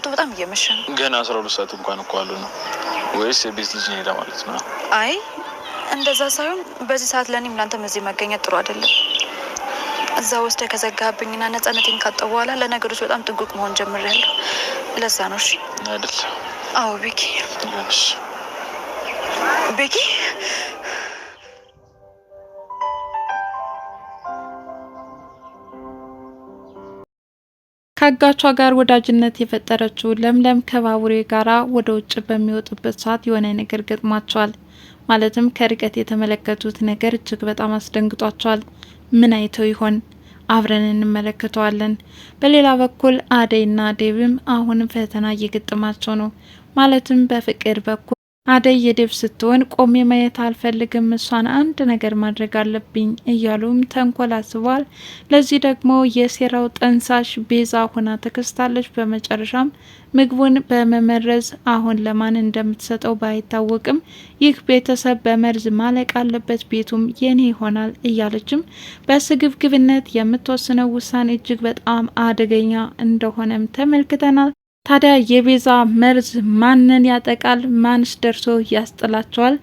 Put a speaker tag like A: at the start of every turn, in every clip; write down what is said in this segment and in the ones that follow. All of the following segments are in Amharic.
A: ሰዓቱ በጣም እየመሸ ነው። ገና አስራ ሁለት ሰዓት እንኳን እኮ አሉ ነው ወይስ የቤት ልጅ ሄዳ ማለት ነው?
B: አይ እንደዛ ሳይሆን በዚህ ሰዓት ለእኔም እናንተም እዚህ መገኘት ጥሩ አይደለም። እዛ ወስደ ከዘጋብኝና ነጻነቴን ካጠ በኋላ ለነገሮች በጣም ጥንቁቅ መሆን ጀምሬያለሁ። ለዛ ነው። እሺ አይደል? አዎ ቤኪ ቤኪ
C: ከአጋቿ ጋር ወዳጅነት የፈጠረችው ለምለም ከባቡሬ ጋራ ወደ ውጭ በሚወጡበት ሰዓት የሆነ ነገር ገጥሟቸዋል። ማለትም ከርቀት የተመለከቱት ነገር እጅግ በጣም አስደንግጧቸዋል። ምን አይተው ይሆን? አብረን እንመለከተዋለን። በሌላ በኩል አደይና ዴብም አሁንም ፈተና እየገጠማቸው ነው። ማለትም በፍቅር በኩል አደይ የዴብ ስትሆን ቆሜ ማየት አልፈልግም፣ እሷን አንድ ነገር ማድረግ አለብኝ እያሉም ተንኮላስቧል። ለዚህ ደግሞ የሴራው ጠንሳሽ ቤዛ ሆና ተከስታለች። በመጨረሻም ምግቡን በመመረዝ አሁን ለማን እንደምትሰጠው ባይታወቅም ይህ ቤተሰብ በመርዝ ማለቅ አለበት፣ ቤቱም የኔ ይሆናል እያለችም በስግብግብነት የምትወስነው ውሳኔ እጅግ በጣም አደገኛ እንደሆነም ተመልክተናል። ታዲያ የቤዛ መርዝ ማንን ያጠቃል? ማንስ ደርሶ ያስጥላቸዋል?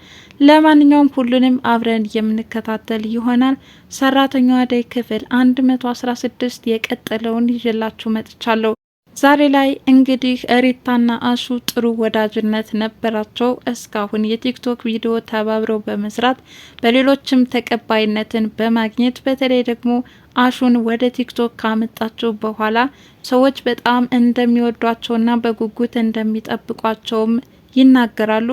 C: ለማንኛውም ሁሉንም አብረን የምንከታተል ይሆናል። ሰራተኛዋ አደይ ክፍል 116 የቀጠለውን ይዤላችሁ መጥቻለሁ። ዛሬ ላይ እንግዲህ ሪታና አሹ ጥሩ ወዳጅነት ነበራቸው። እስካሁን የቲክቶክ ቪዲዮ ተባብረው በመስራት በሌሎችም ተቀባይነትን በማግኘት በተለይ ደግሞ አሹን ወደ ቲክቶክ ካመጣቸው በኋላ ሰዎች በጣም እንደሚወዷቸውና በጉጉት እንደሚጠብቋቸውም ይናገራሉ።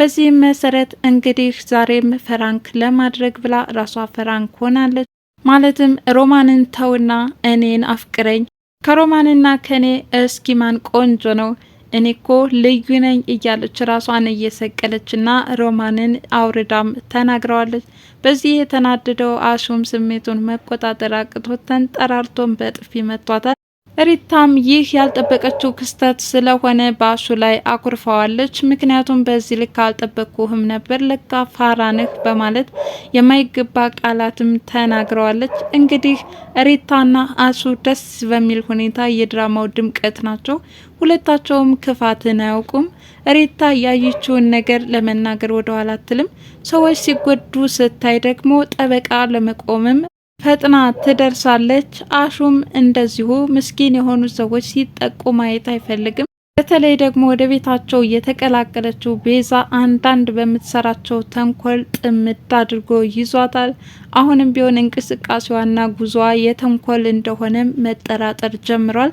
C: በዚህም መሰረት እንግዲህ ዛሬም ፈራንክ ለማድረግ ብላ ራሷ ፈራንክ ሆናለች። ማለትም ሮማንን ተውና እኔን አፍቅረኝ ከሮማንና ከኔ እስኪ ማን ቆንጆ ነው እኔ እኮ ልዩ ነኝ እያለች ራሷን እየሰቀለችና ሮማንን አውርዳም ተናግረዋለች። በዚህ የተናደደው አሹም ስሜቱን መቆጣጠር አቅቶ ተንጠራርቶን በጥፊ መቷታል። ሪታም ይህ ያልጠበቀችው ክስተት ስለሆነ በአሹ ላይ አኩርፋዋለች። ምክንያቱም በዚህ ልክ አልጠበቅኩህም ነበር ለካ ፋራንህ በማለት የማይገባ ቃላትም ተናግረዋለች። እንግዲህ ሪታና አሹ ደስ በሚል ሁኔታ የድራማው ድምቀት ናቸው። ሁለታቸውም ክፋትን አያውቁም። ሪታ ያየችውን ነገር ለመናገር ወደኋላ አትልም። ሰዎች ሲጎዱ ስታይ ደግሞ ጠበቃ ለመቆምም ፈጥና ትደርሳለች። አሹም እንደዚሁ ምስኪን የሆኑ ሰዎች ሲጠቁ ማየት አይፈልግም። በተለይ ደግሞ ወደ ቤታቸው የተቀላቀለችው ቤዛ አንዳንድ በምትሰራቸው ተንኮል ጥምድ አድርጎ ይዟታል። አሁንም ቢሆን እንቅስቃሴዋና ጉዞዋ የተንኮል እንደሆነ መጠራጠር ጀምሯል።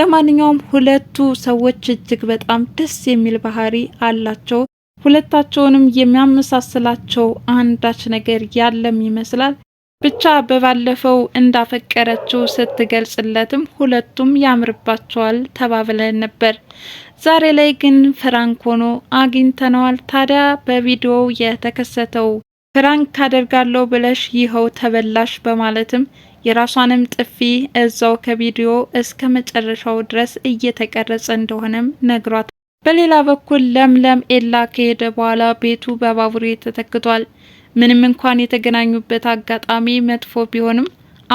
C: ለማንኛውም ሁለቱ ሰዎች እጅግ በጣም ደስ የሚል ባህሪ አላቸው። ሁለታቸውንም የሚያመሳስላቸው አንዳች ነገር ያለም ይመስላል። ብቻ በባለፈው እንዳፈቀረችው ስትገልጽለትም ሁለቱም ያምርባቸዋል ተባብለን ነበር። ዛሬ ላይ ግን ፍራንክ ሆኖ አግኝተነዋል። ታዲያ በቪዲዮው የተከሰተው ፍራንክ አደርጋለሁ ብለሽ ይኸው ተበላሽ በማለትም የራሷንም ጥፊ እዛው ከቪዲዮ እስከ መጨረሻው ድረስ እየተቀረጸ እንደሆነም ነግሯት። በሌላ በኩል ለምለም ኤላ ከሄደ በኋላ ቤቱ በባቡሬ ተተክቷል። ምንም እንኳን የተገናኙበት አጋጣሚ መጥፎ ቢሆንም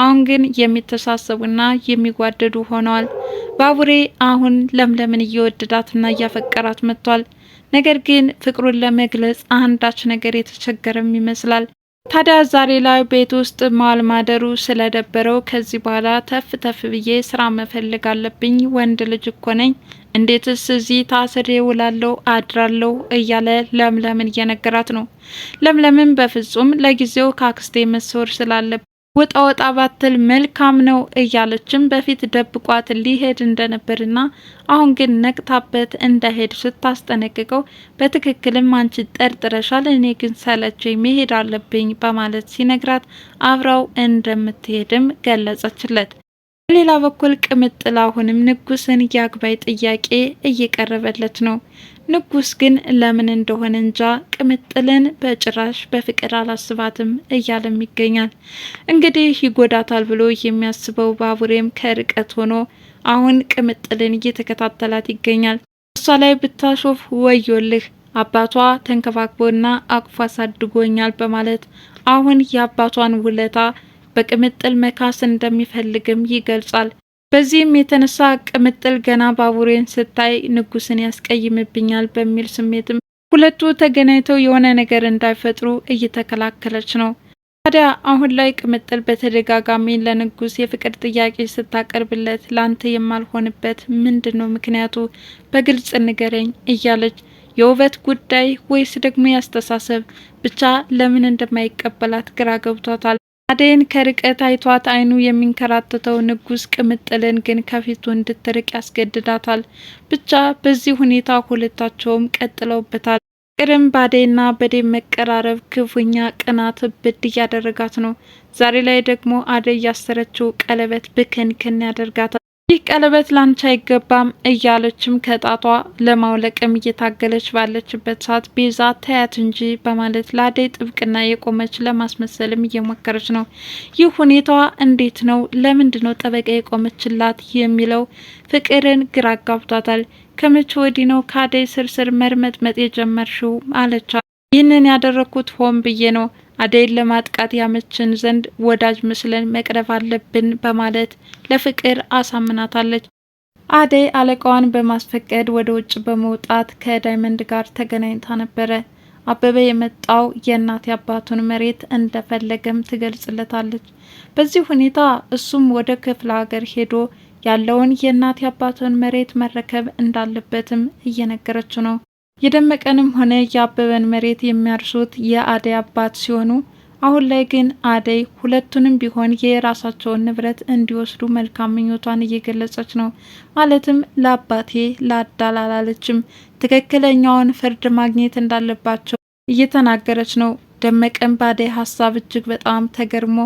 C: አሁን ግን የሚተሳሰቡና የሚጓደዱ ሆነዋል። ባቡሬ አሁን ለምለምን እየወደዳትና እያፈቀራት መጥቷል። ነገር ግን ፍቅሩን ለመግለጽ አንዳች ነገር የተቸገረም ይመስላል። ታዲያ ዛሬ ላይ ቤት ውስጥ መዋል ማደሩ ስለደበረው ከዚህ በኋላ ተፍ ተፍ ብዬ ስራ መፈለግ አለብኝ፣ ወንድ ልጅ እኮ ነኝ፣ እንዴትስ እዚህ ታስሬ ውላለሁ አድራለሁ እያለ ለምለምን እየነገራት ነው። ለምለምን በፍጹም ለጊዜው ካክስቴ መሰወር ስላለብ ወጣ ወጣ ባትል መልካም ነው እያለችም በፊት ደብቋት ሊሄድ እንደነበርና አሁን ግን ነቅታበት እንዳይሄድ ስታስጠነቅቀው በትክክልም አንቺ ጠርጥረሻል፣ እኔ ግን ሰለቸኝ መሄድ አለብኝ በማለት ሲነግራት አብራው እንደምትሄድም ገለጸችለት። በሌላ በኩል ቅምጥል አሁንም ንጉስን የአግባይ ጥያቄ እየቀረበለት ነው። ንጉስ ግን ለምን እንደሆነ እንጃ ቅምጥልን በጭራሽ በፍቅር አላስባትም እያለም ይገኛል። እንግዲህ ይጎዳታል ብሎ የሚያስበው ባቡሬም ከርቀት ሆኖ አሁን ቅምጥልን እየተከታተላት ይገኛል። እሷ ላይ ብታሾፍ ወዮልህ አባቷ ተንከባክቦና አቅፎ አሳድጎኛል በማለት አሁን የአባቷን ውለታ በቅምጥል መካስ እንደሚፈልግም ይገልጻል። በዚህም የተነሳ ቅምጥል ገና ባቡሬን ስታይ ንጉስን ያስቀይምብኛል በሚል ስሜትም ሁለቱ ተገናኝተው የሆነ ነገር እንዳይፈጥሩ እየተከላከለች ነው። ታዲያ አሁን ላይ ቅምጥል በተደጋጋሚ ለንጉስ የፍቅር ጥያቄ ስታቀርብለት ላንተ የማልሆንበት ምንድን ነው ምክንያቱ በግልጽ ንገረኝ እያለች የውበት ጉዳይ ወይስ ደግሞ ያስተሳሰብ ብቻ ለምን እንደማይቀበላት ግራ ገብቷታል። አደይን ከርቀት አይቷት አይኑ የሚንከራተተው ንጉስ ቅምጥልን ግን ከፊቱ እንድትርቅ ያስገድዳታል። ብቻ በዚህ ሁኔታ ሁለታቸውም ቀጥለውበታል። ቅርም በአደይና በዴ መቀራረብ ክፉኛ ቅናት ብድ እያደረጋት ነው። ዛሬ ላይ ደግሞ አደይ ያሰረችው ቀለበት ብክንክን ያደርጋታል። ይህ ቀለበት ላንቺ አይገባም እያለችም ከጣቷ ለማውለቅም እየታገለች ባለችበት ሰዓት ቤዛ ተያት እንጂ በማለት ለአደይ ጥብቅና የቆመች ለማስመሰልም እየሞከረች ነው። ይህ ሁኔታዋ እንዴት ነው? ለምንድን ነው ጠበቃ የቆመችላት የሚለው ፍቅርን ግራ አጋብቷታል። ከመቼ ወዲህ ነው ከአደይ ስርስር መርመጥመጥ የጀመርሽው? አለቻት። ይህንን ያደረግኩት ሆን ብዬ ነው አደይን ለማጥቃት ያመችን ዘንድ ወዳጅ መስለን መቅረብ አለብን በማለት ለፍቅር አሳምናታለች። አደይ አለቃዋን በማስፈቀድ ወደ ውጭ በመውጣት ከዳይመንድ ጋር ተገናኝታ ነበረ። አበበ የመጣው የእናት አባቱን መሬት እንደፈለገም ትገልጽለታለች። በዚህ ሁኔታ እሱም ወደ ክፍለ ሀገር ሄዶ ያለውን የእናት አባቱን መሬት መረከብ እንዳለበትም እየነገረችው ነው። የደመቀንም ሆነ የአበበን መሬት የሚያርሱት የአደይ አባት ሲሆኑ አሁን ላይ ግን አደይ ሁለቱንም ቢሆን የራሳቸውን ንብረት እንዲወስዱ መልካም ምኞቷን እየገለጸች ነው። ማለትም ለአባቴ አላለችም ትክክለኛውን ፍርድ ማግኘት እንዳለባቸው እየተናገረች ነው። ደመቀን በአደይ ሀሳብ እጅግ በጣም ተገርሞ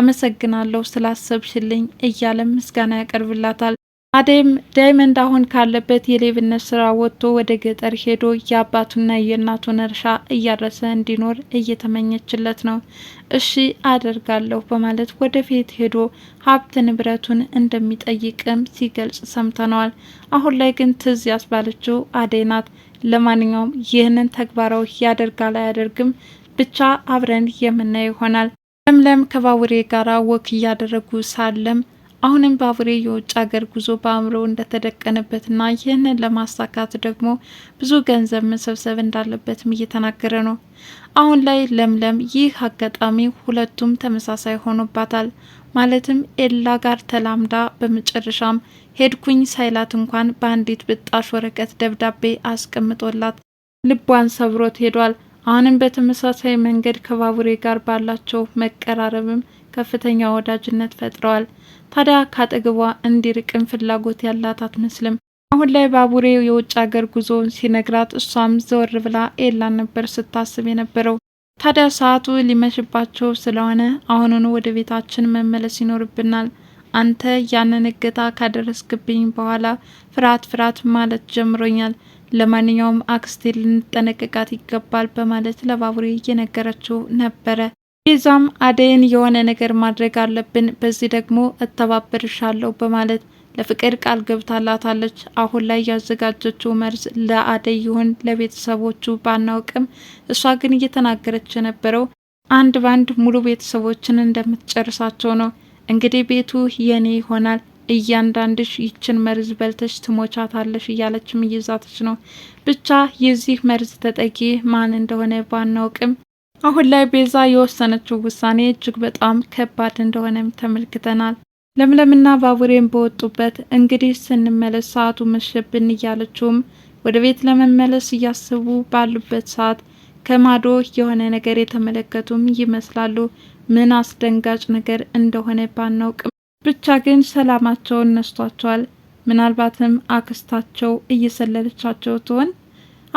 C: አመሰግናለሁ ስላሰብሽልኝ እያለም ምስጋና ያቀርብላታል። አደይም ዳይመንድ አሁን ካለበት የሌብነት ስራ ወጥቶ ወደ ገጠር ሄዶ የአባቱና የእናቱን እርሻ እያረሰ እንዲኖር እየተመኘችለት ነው። እሺ አደርጋለሁ በማለት ወደፊት ሄዶ ሀብት ንብረቱን እንደሚጠይቅም ሲገልጽ ሰምተነዋል። አሁን ላይ ግን ትዝ ያስባለችው አደይ ናት። ለማንኛውም ይህንን ተግባራዊ ያደርጋል አያደርግም ብቻ አብረን የምናየው ይሆናል። ለምለም ከባቡሬ ጋራ ወክ እያደረጉ ሳለም አሁንም ባቡሬ የውጭ ሀገር ጉዞ በአእምሮ እንደተደቀነበትና ይህንን ለማሳካት ደግሞ ብዙ ገንዘብ መሰብሰብ እንዳለበትም እየተናገረ ነው። አሁን ላይ ለምለም ይህ አጋጣሚ ሁለቱም ተመሳሳይ ሆኖባታል። ማለትም ኤላ ጋር ተላምዳ በመጨረሻም ሄድኩኝ ሳይላት እንኳን በአንዲት ብጣሽ ወረቀት ደብዳቤ አስቀምጦላት ልቧን ሰብሮት ሄዷል። አሁንም በተመሳሳይ መንገድ ከባቡሬ ጋር ባላቸው መቀራረብም ከፍተኛ ወዳጅነት ፈጥረዋል። ታዲያ ካጠገቧ እንዲርቅም ፍላጎት ያላት አትመስልም። አሁን ላይ ባቡሬ የውጭ ሀገር ጉዞውን ሲነግራት እሷም ዘወር ብላ ኤላን ነበር ስታስብ የነበረው። ታዲያ ሰዓቱ ሊመሽባቸው ስለሆነ አሁኑን ወደ ቤታችን መመለስ ይኖርብናል። አንተ ያንን እገታ ካደረስክብኝ በኋላ ፍርሃት ፍርሃት ማለት ጀምሮኛል። ለማንኛውም አክስቴ ልንጠነቀቃት ይገባል በማለት ለባቡሬ እየነገረችው ነበረ። ቤዛም አደይን የሆነ ነገር ማድረግ አለብን፣ በዚህ ደግሞ እተባበርሻለሁ በማለት ለፍቅር ቃል ገብታላታለች። አሁን ላይ ያዘጋጀችው መርዝ ለአደይ ይሁን ለቤተሰቦቹ ባናውቅም፣ እሷ ግን እየተናገረች የነበረው አንድ ባንድ ሙሉ ቤተሰቦችን እንደምትጨርሳቸው ነው። እንግዲህ ቤቱ የኔ ይሆናል እያንዳንድሽ ይችን መርዝ በልተሽ ትሞቻታለሽ እያለችም እይዛተች ነው። ብቻ የዚህ መርዝ ተጠቂ ማን እንደሆነ ባናውቅም አሁን ላይ ቤዛ የወሰነችው ውሳኔ እጅግ በጣም ከባድ እንደሆነም ተመልክተናል። ለምለምና ባቡሬን በወጡበት እንግዲህ ስንመለስ ሰዓቱ መሸብን እያለችውም ወደ ቤት ለመመለስ እያስቡ ባሉበት ሰዓት ከማዶ የሆነ ነገር የተመለከቱም ይመስላሉ። ምን አስደንጋጭ ነገር እንደሆነ ባናውቅም ብቻ ግን ሰላማቸውን ነስቷቸዋል። ምናልባትም አክስታቸው እየሰለለቻቸው ትሆን?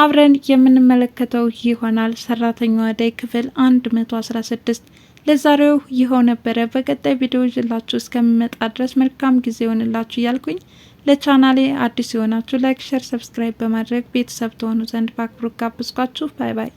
C: አብረን የምንመለከተው ይሆናል። ሰራተኛ አደይ ክፍል 116 ለዛሬው ይኸው ነበረ። በቀጣይ ቪዲዮ ይዤላችሁ እስከምመጣ ድረስ መልካም ጊዜ ይሆንላችሁ እያልኩኝ ለቻናሌ አዲስ የሆናችሁ ላይክ፣ ሸር፣ ሰብስክራይብ በማድረግ ቤተሰብ ተሆኑ ዘንድ በአክብሮት ጋብዝኳችሁ። ባይ ባይ።